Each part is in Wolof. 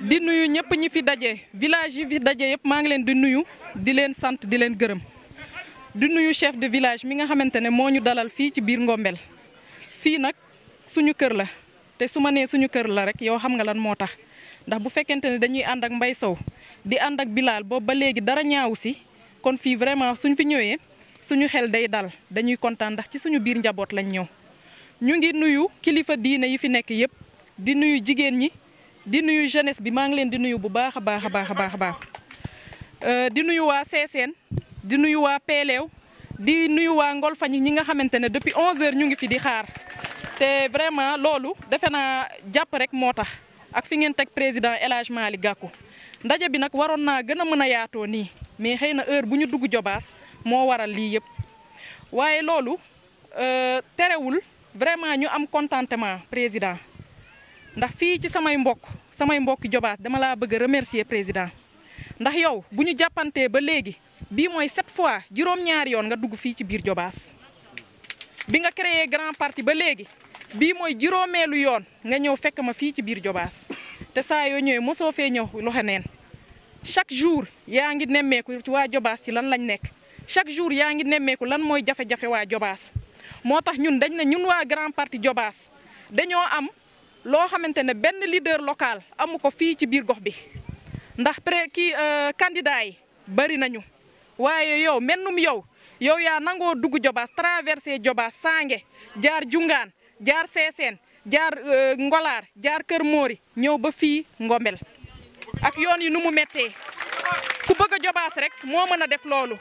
di nuyu ñëpp ñi fi daje village yi fi daje yëpp maa ngi leen di nuyu di leen sant di leen gërëm di nuyu chef de village mi nga xamante ne moo ñu dalal fii ci biir Ngombel fii nag suñu kër la te su ma nee suñu kër la rek yow xam nga lan moo tax ndax bu fekkente ne dañuy ànd ak mbay Sow di ànd ak Bilal boobu ba léegi dara ñaaw si kon fii vraiment suñ fi ñëwee suñu xel day dal dañuy kontaan ndax ci suñu biir njaboot lañ ñëw ñu ngi nuyu kilifa diine yi fi nekk yëpp. di nuyu jigéen ñi di nuyu jeunesse bi maa ngi leen di nuyu bu baax a baax a baax a baax a euh, di nuyu waa Seeseen di nuyu waa Peeleew di nuyu waa Ngolfañi ñi nga xamante ne depuis 11h ñu ngi fi di xaar te vraiment loolu defe naa jàpp rek moo tax ak fi ngeen teg président élagement Hadj Malick ndaje bi nag waroon naa gën a mën a yaatoo nii mais xëy na heure bu ñu dugg jobaas moo waral lii yëpp waaye loolu euh, terewul vraiment ñu am contentement président. ndax fii ci samay mbokk samay mbokki jobaas dama laa bëgg a remercier président ndax yow bu ñu jàppantee ba léegi bii mooy sept fois juróom-ñaari yoon nga dugg fii ci biir jobaas bi nga créé grand parti ba léegi bii mooy juróomeelu yoon nga ñëw fekk ma fii ci biir jobaas te saa yoo ñëwee mosoo fee ñëw loxo neen chaque jour yaa ngi nemmeeku ci waa jobaas ci lan lañ nekk chaque jour yaa ngi nemmeeku lan mooy jafe-jafe waa jobaas moo tax ñun dañ ne ñu waa grand parti jobaas dañoo am loo xamante ne benn leader local amu ko fii ci biir gox bi ndax pré kii euh, candidat yi bari nañu waaye yow mennum yow yow yaa nangoo dugg Jobaas traversé Jobaas Sange jaar Jungaan jaar Seeseen jaar euh, Ngolaar jaar Kër Moori ñëw ba fii Ngombel ak yoon yi nu mu méttee ku bëgg a Jobaas rek moo mën a def loolu.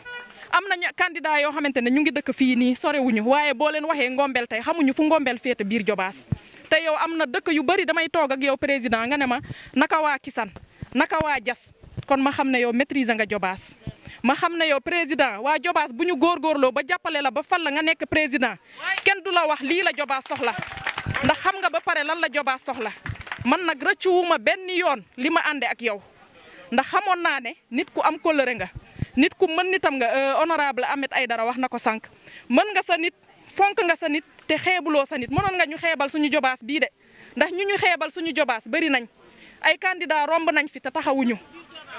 am nañu candidat yoo xamante ne ñu ngi dëkk fii nii sorewuñu waaye boo leen waxee ngombel tey xamuñu fu ngombel féete biir Jobaas te yow am na dëkk yu bëri damay toog ak yow président nga ne ma naka waa Kisan naka waa Jas kon ma xam ne yow maîtriser nga Jobaas ma xam ne yow président waa Jobaas bu ñu góor góorloo ba jàppale la ba fal la nga nekk président kenn du la wax lii la Jobaas soxla ndax xam nga ba pare lan la Jobaas soxla man nag rëccuwuma benn yoon li ma ànde ak yow ndax xamoon naa ne nit ku am kóllëre nga. nit ku mën nitam nga euh, honorable ay dara wax na ko sànq mën nga sa nit fonk nga sa nit te xeebuloo sa nit mënoon nga ñu xeebal suñu jobaas bii de ndax ñu ñu xeebal suñu jobaas bari nañ ay candidat romb nañ fi te taxawuñu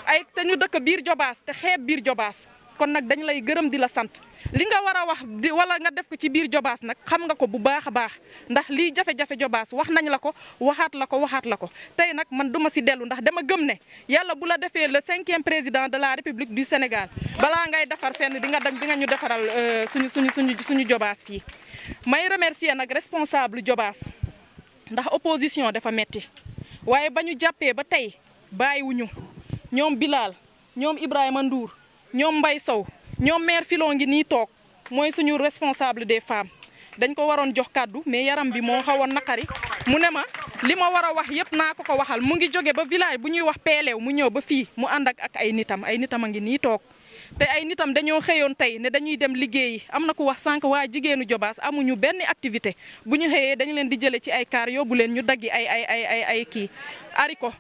ay te ñu dëkk biir jobaas te xeeb biir jobaas kon nag dañ lay gërëm di la sant li nga war a wax di wala nga def ko ci biir jobaas nag xam nga ko bu baax a baax ndax lii jafe-jafe jobaas wax nañ la ko waxaat la ko waxaat la ko tey nag man duma si dellu ndax dama gëm ne yàlla bu la defee le cinquième président de la république du Sénégal balaa ngay defar fenn di nga dem di ñu defaral euh, suñu suñu suñu suñu jobaas fii may remercier nag responsable jobaas ndax opposition dafa metti waaye ba ñu jàppee ba tey bàyyiwuñu ñoom bilaal ñoom Ibrahima Ndour ñoom Mbaye Sow ñoom maire filon ngi nii toog mooy suñu responsable des femmes dañ ko waroon jox kàddu mais yaram bi moo xawoon naqari mu ne ma li ma war a wax yëpp naa ko ko waxal mu ngi jóge ba village bu ñuy wax peelew mu ñëw ba fii mu ànd ak ay nitam ay nitam a ngi nii toog te ay nitam dañoo xëyoon tey ne dañuy dem liggéeyi am na ku wax sànq waa jigéenu jobaas amuñu benn activité bu ñu xëyee dañu leen di jëlee ci ay kaar yóbbu leen ñu daggi ay ay ay ay ay kii ariko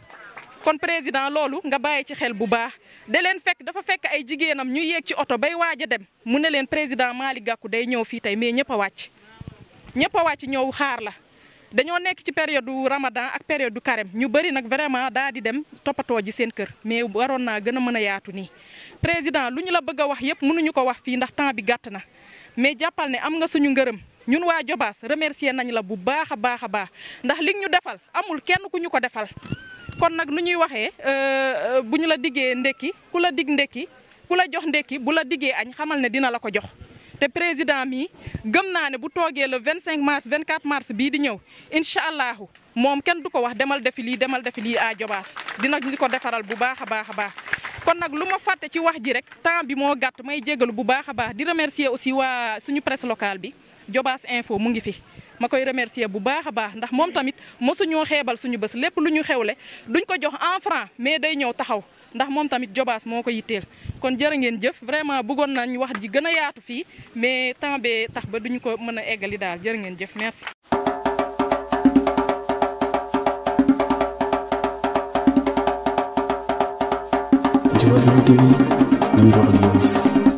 kon président loolu nga bàyyi ci xel bu baax da leen fekk dafa fekk ay jigéenam ñu yéeg ci oto bay waaj a dem mu ne leen président mali gàkku day ñëw fii tey mais ñëpp wàcc ñëpp a wàcc ñëw xaar la dañoo nekk ci période du Ramadan ak période du carême ñu bëri nag vraiment daa di dem toppatoo ji seen kër mais waroon naa gën a mën a yaatu nii président lu ñu la bëgg a wax yëpp mënuñu ko wax fii ndax temps bi gàtt na mais jàppal ne am nga suñu ngërëm ñun waa Jobaas remercier nañ la bu baax a baax a baax ndax li ñu defal amul kenn ku ñu ko defal kon nag ni ñuy waxee euh, bu ñu la diggee ndekki ku la dig ndekki ku la jox ndekki bu la diggee añ xamal ne dina la ko jox te président mi gëm naa ne bu toogee le 25 mars 24 mars bii di ñëw incha allahu moom kenn du ko wax demal defi lii demal defi lii à Jobaas dina ñu ko defaral bu baax a baax a baax kon nag lu ma fàtte ci wax ji rek temps bi moo gàtt may jégalu bu baax a baax di remercier aussi waa suñu presse locale bi Jobaas info mu ngi fi ma koy remercier bu baax a baax ndax moom tamit mosuñoo xeebal suñu bës lépp lu ñu xewle duñ ko jox en franc mais day ñëw taxaw ndax moom tamit Jobaas moo ko yitteel. kon jërë ngeen jëf vraiment bëggoon nañ wax ji gën a yaatu fii mais temps bee tax ba duñu ko mën a eggali daal jërë ngeen jëf merci. Dios no te vi, no me lo olvides.